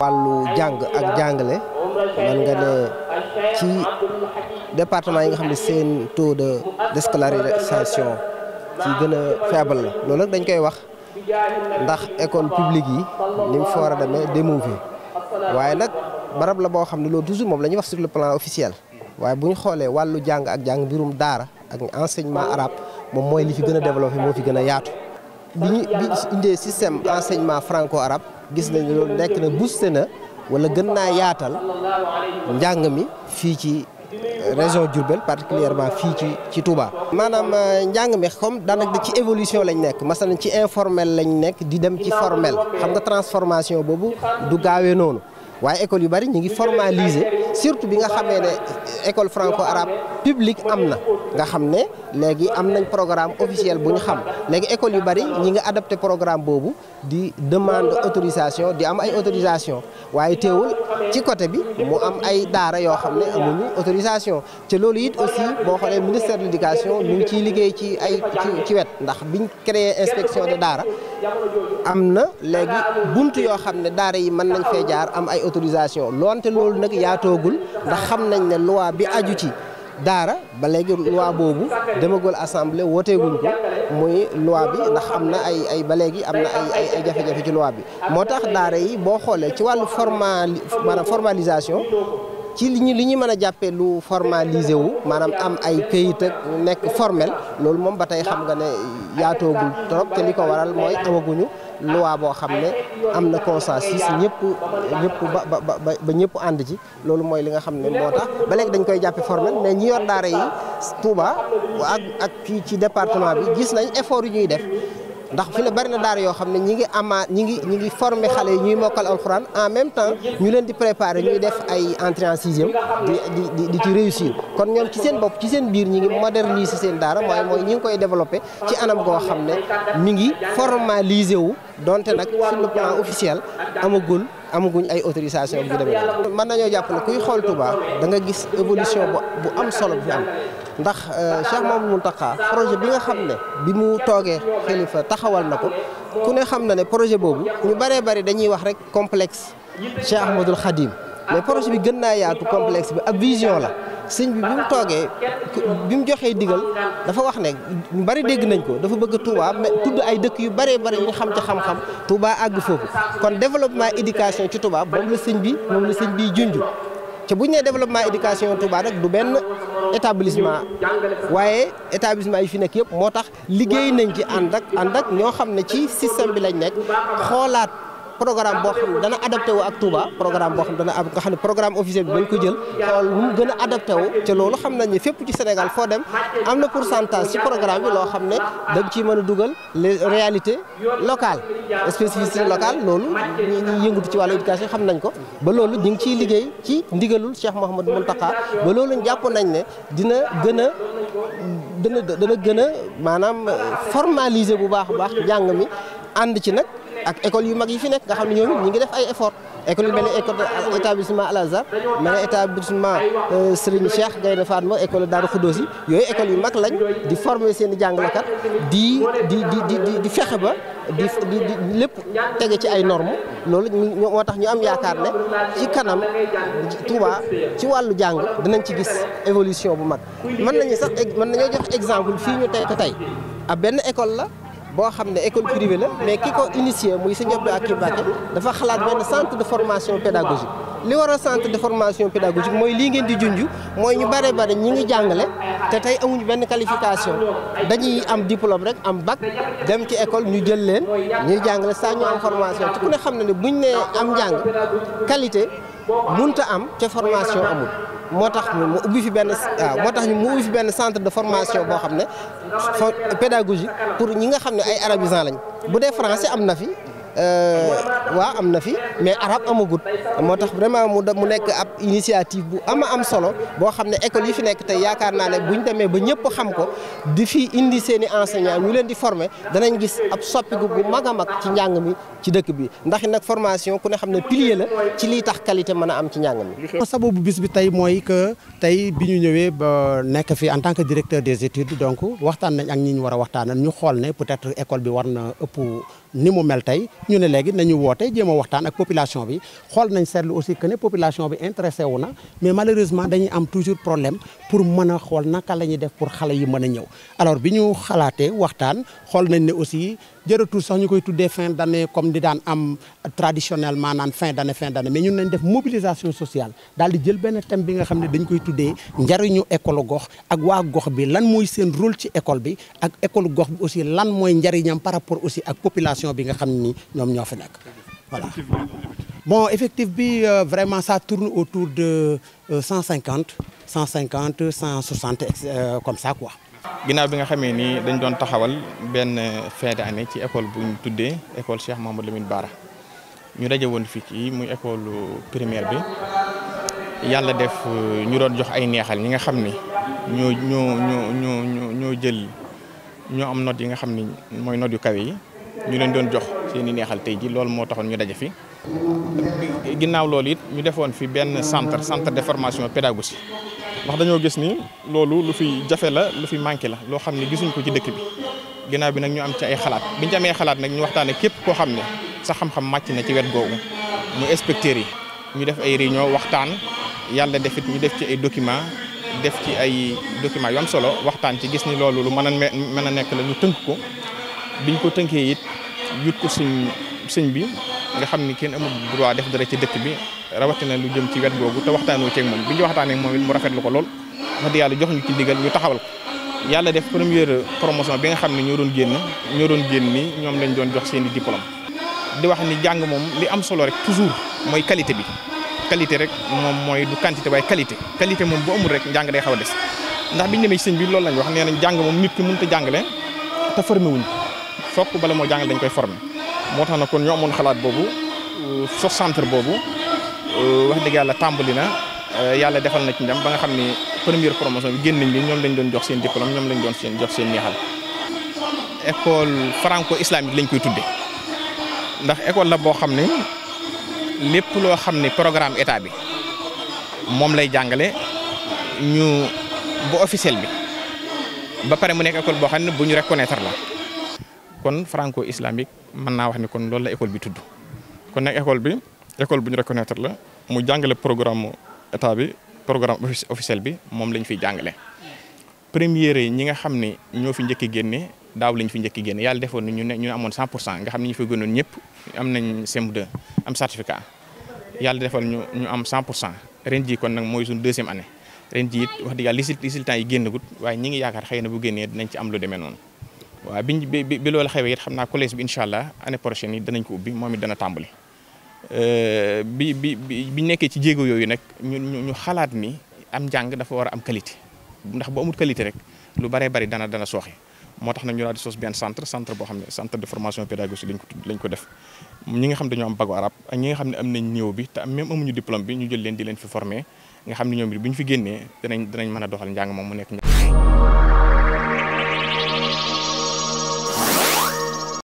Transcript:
wàllu jàng ak jàngale man nga ne ci département yi nga xam ne seen taux de déscolarisation ci gën a faible la loolu nag dañ koy wax ndax école publique yi ni mu fa war a demee demoo fi waaye nag barab la boo xam ne loolu toujours moom la wax sur le plan officiel waaye bu ñu xoolee wàllu jàng ak jàng mbirum daara ak enseignement arabe moom mooy li fi gën a développé moo fi gën a yaatu. bi ñu bi indee système enseignement franco arabe gis nañu loolu nekk na boosté na wala gën naa yaatal njàng mi fii ci euh, région Diourbel particulièrement fii ci ci Touba. maanaam euh, njàng mi comme daanaka ci évolution lañ nekk masalan ci informel lañ nekk di dem ci formel xam nga transformation boobu du gaawee noonu. waaye école yu bari ñu ngi formaliser surtout bi nga xamee ne école franco arabe publique am na nga xam ne léegi am nañ programme officiel bu ñu xam léegi école yu bari ñi ngi adopté programme boobu di demande autorisation di am ay autorisation waaye teewul ci côté bi mu am ay daara yoo xam ne amuñu autorisation te loolu it aussi boo xoolee ministère de l'éducation ñu ngi ciy liggéey ci ay ci wet ndax biñ créé inspection de daara am na léegi bunt yoo xam ne daara yi mën nañ fee jaar autorisation loonte loolu nag yaatoogul ndax xam nañ ne loi bi aju ci daara ba léegi loi boobu demagul assemblée wooteeguñ ko muy loi ndax am na ay ay ba am na ay jafe-jafe ci loi bi moo tax daara yi boo xoolee ci wàllu formali maanaam formalisation ci li ñu li ñu mën a jàppee lu formalisé wu maanaam am ay kayit ak nekk formel loolu moom ba tey xam nga ne yaatoogul trop te li ko waral mooy amaguñu loi boo xam ne am na consensus ñëpp ñëpp ba ba ba ñëpp ànd ci loolu mooy li nga xam ne moo tax ba léegi dañ koy jàppe formel mais ñi yor daara yi Touba ak ak fii ci département bi gis nañ effort yu ñuy def ndax fi la bari na daara yoo xam ne ñi ngi amaat ñi ngi ñi ngi former xale yi ñuy mokkal alxuraan en même temps ñu leen di préparer ñuy def ay entrée en sixième di di di ci réussir kon ñoom ci seen bopp ci seen biir ñi ngi moderniser seen daar mooy mooy ñi ngi koy développer ci anam goo xam ne mi ngi formaliser wu donte nag sur le plan officiel amagul amaguñ ay autorisation bi demee mën nañoo jàpp ne kuy xool Touba da nga gis évolution bu am solo bu am ndax euh, Cheikh Mamadou Mountakha projet bi nga xam ne bi mu toogee xalifa taxawal na ko ku ne xam na ne projet boobu ñu bëree bëri dañuy wax rek complexe Cheikh Ahmadoul Khadim mais projet bi gën naa yaatu complexe bi ab vision la sëñ bi bi mu toogee bi mu joxee digal dafa wax ne mu bari dégg nañ ko dafa bëgg Touba mais tudd ay dëkk yu bëree bëri ñu xam ci xam-xam Touba àgg foofu kon développement éducation ci Touba moom la sëñ bi moom la sëñ bi junj te bu ñu nee développement éducation Touba nag du benn établissement waaye établissement yi fi nekk yëpp moo tax liggéey nañ ci ànd ak ànd ak ñoo xam ne ci système bi lañ nekk xoolaat. programme boo xam dana adapté wu ak Touba programme boo xam dana am nga xam ne programme officiel bi bañ ko jël xool mu gën adapté wu ca loolu xam nañ ne fépp ci Sénégal foo dem am na pourcentage ci programme bi loo xam ne da nga ciy mën a dugal les réalités locales spécificité locale loolu ñuy yëngatu ci wàllu éducation xam nañ ko ba loolu ñu ngi ciy liggéey ci ndigalul Cheikh Mouhamadou Mountakha ba loolu jàpp nañ ne dina gën a dana dana gën a maanaam formaliser bu baax a baax njàng mi ànd ci nag ak école yu mag yi fi nekk nga xam ne ñoom ñu ngi def ay effort école yu mel ne école établissement Al Azhar mel ne établissement euh, Serigne Cheikh Gaïndé Fatma école Darou Khoudoss yi yooyu école yu mag lañ di former seen i jàngalekat di di di di di fexe ba di di di lépp tege ci ay normes loolu moo tax ñu am yaakaar ne ci kanam Touba ci wàllu jàng dinañ ci gis évolution bu mag mën nañu sax mën nañoo jox exemple fii ñu tey ko tey a benn école la. boo xam ne école privée la mais ki ko initié muy sëñ Abdou Akim Mbacké dafa xalaat benn centre de formation pédagogique li war a centre de formation pédagogique mooy lii ngeen di junj mooy ñu bare bare ñu ngi jàngale te tey amuñu benn qualification dañuy am diplôme rek am bac dem ci école ñu jël leen ñuy jàngale saa ñu am formation te ku ne xam na ne buñ ne am njàng qualité munta am ca formation amul moo tax mu ubbi fi benn waaw moo tax mu ubbi fi benn centre de formation boo xam ne pédagogique pour ñi nga xam ne ay arabisants lañ bu dee français am na fi. Euh, waa am na fi mais arab amagut moo tax vraiment mu mu nekk ab initiative bu ama am solo boo xam ne école yi fi nekk tey yaakaar naa ne bu buñ demee ba ñëpp xam ko di fi indi seen i enseignants ñu leen di former danañ gis ab soppiku bu mag a mag ci njàng mi ci dëkk bi ndax nag formation ku ne xam ne pilier la ci liy tax qualité mën a am ci njàng mi. sababu bis bi tey mooy que tey bi ñu ñëwee ba nekk fi en tant que directeur des études donc waxtaan nañ ak ñi ñu war a waxtaanal ñu xool ne peut-être école bi war na ëpp. ni mu mel tey ñu ne léegi nañu woote jéem a waxtaan ak population bi xool nañ seetlu aussi que ne population bi intéressé wu na mais malheureusement dañuy am toujours problème pour mën a xool naka la ñuy def pour xale yi mën a ñëw alors bi ñu xalaatee waxtaan xool nañ ne aussi jëratul sax ñu koy tuddee fin d'année comme di daan am traditionnellement naan fin d'année fin d'année mais ñun nañ def mobilisation sociale daal di jël benn thème bi nga xam ne dañ koy tuddee njariñu école gox ak waa gox bi lan mooy seen rôle ci école bi ak école gox bi aussi lan mooy njariñam par rapport aussi ak population bi nga xam ni ñoom ñoo fi nekk voilà bon effectif bi euh, vraiment ça tourne autour de 150 150 160 comme ça quoi ginaaw bi nga xamee nii dañ doon taxawal benn fin d'année ci école bu ñu tuddee école Cheikh Mouhamadou Lamine Bara ñu daje woon fii ci muy école primaire bi yàlla def euh, ñu doon jox ay neexal ñi nga xam ni ñoo ñoo ñoo ñoo ñoo jël ñoo am note yi nga xam ni mooy note yu kawe yi ñu leen doon jox seeni neexal tey ji loolu moo taxoon ñu daje fi ginnaaw loolu it ñu defoon fi benn centre centre de formation pédagogique ndax dañoo gis ni loolu lu fi jafe la lu fi manqué la loo xam ne gisuñ ko ci dëkk bi ginnaaw bi nag ñu am ci ay xalaat biñ ñu amee xalaat nag ñu waxtaane képp koo xam ne sa xam-xam màcc na ci wet googu mu inspecteurs yi ñu def ay réunion waxtaan yàlla defit ñu def ci ay document def ci ay document yu solo waxtaan ci gis ni loolu lu mën a mën a nekk la ñu tënk ko biñ ko tënkee it yut ko sëñ sëñ bi nga xam ni kenn amul droit def dara ci dëkk bi rawatina lu jëm ci wet googu te waxtaanoo ceeg moom bi ñu waxtaanee moom it mu rafetlu ko lool wax dëgg yàlla jox ñu ci ndigal ñu taxawal ko yàlla def première promotion bi nga xam ne ñoo doon génn ñoo doon ñoom lañ doon jox seen i diplôme di wax ni jàng moom li am solo rek toujours mooy qualité bi qualité rek moom mooy du quantité waaye qualité qualité moom bu amul rek jàng day xaw a ndax biñu demee sëñ bi loolu lañ wax nee nañ jàng moom nit ki mënut a jàngale te formé wuñ fokk bala moo jàngale dañ koy formé moo tax na kon ñoo amoon xalaat boobu sox centre boobu wax dëgg yàlla tàmbali na yàlla defal na ci ndam ba nga xam ne première promotion bi génn bi ñoom lañ doon jox seen diplôme ñoom lañ doon seen jox seen neexal. école franco islamique koy tudde ndax école la boo xam ne lépp loo xam ne programme état bi moom lay jàngale ñu bu officiel bi ba pare mu nekk école boo xam ne bu ñu reconnaître la. kon franco islamique mën naa wax ni kon loolu la école bi tudd kon nag école bi école bu ñu reconnaître la mu jàngale programme état bi programme officiel bi moom lañ fiy jàngale première yi ñi nga xam ni ñoo fi njëkk génne daaw lañ fi njëkki génne yàlla defoon ni ñu ne ñu amoon 100 pour cent nga xam ne ñu fi gënoon ñëpp am nañ CM2 am certificat yàlla defal ñu ñu am 100 pour cent ren jii kon nag mooy suñu deuxième année ren jii it wax dëgg yàlla résultats yi génnagut waaye ñi ngi yaakaar xëy na bu génnee dinañ ci am lu demee noonu waaw biñ bi bi loolu xewee it xam naa collège bi incha allah année prochaine yi danañ ko ubbi moom it dana tàmbali euh, bi bi bi nekkee ci jéego yooyu nag ñu ñu xalaat ni am njàng dafa war a am qualité ndax bu amul qualité rek lu baree bari dana dana sooxe moo tax nag ñu daal di sos benn centre centre boo xam ne centre de formation pédagogique lañ ko lañ ko def ñi nga xam dañoo am bago arab ak ñi nga xam ne am nañ néew bi te am même amuñu diplôme bi ñu jël leen di leen fi former nga xam ne ñoom bi bu ñu fi génnee danañ danañ mën doxal njàng moom mu nekk.